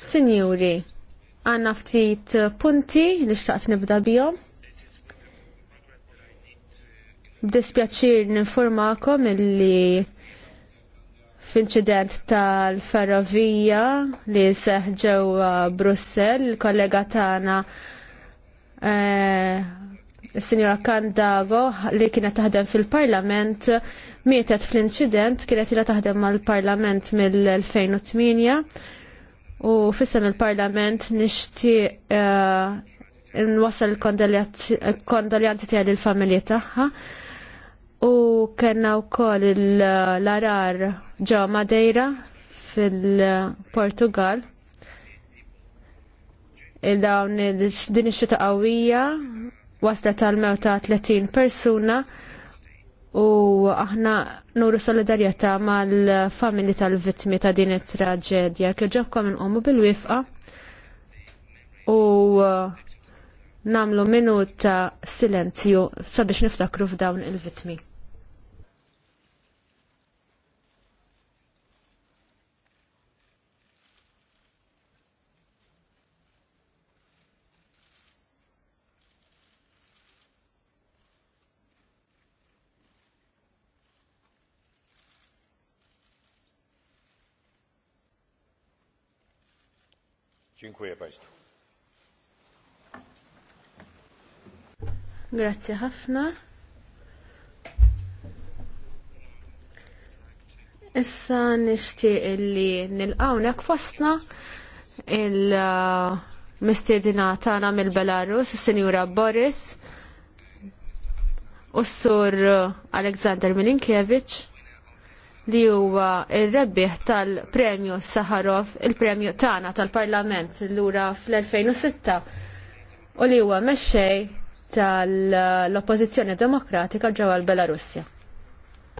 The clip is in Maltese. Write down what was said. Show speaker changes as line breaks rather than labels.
Sinjuri, għanna ftit punti li xtaqt nibda bihom. B'dispjaċir informakom illi f'inċident tal-ferrovija li seħ ġewwa Brussell, kollega tagħna Is-Sinjora eh, e, Kandago li kienet taħdem fil-Parlament mietet fl-inċident kienet ilha taħdem mal-Parlament mill-2008 u fissem il-parlament nishti eh, n-wasal il-kondoljanti tijaj l-familji taħħa u kena u kol l-arar ġo Madeira fil-Portugal il-dawn din ix-xita qawwija waslet għal mewta 30 persuna u aħna nuru solidarjetà mal-familji tal-vittmi ta' din it-traġedja kif ġobkom inqomu bil-wifqa u uh, namlu minuta silenzju sabiex niftakru f'dawn il-vittmi.
Dziękuję Państwu.
Grazie ħafna. Issa nixtieq li nil-għawnek fostna il-mistiedina Tana mill-Belarus, il-Senjura Boris u s-sur Aleksandr Milinkiewicz li huwa ir-rebbieħ tal-Premju Saharov, il-Premju tagħna tal-Parlament lura fl-2006 u li huwa mexxej tal-Oppożizzjoni Demokratika ġewwa l-Belarusja.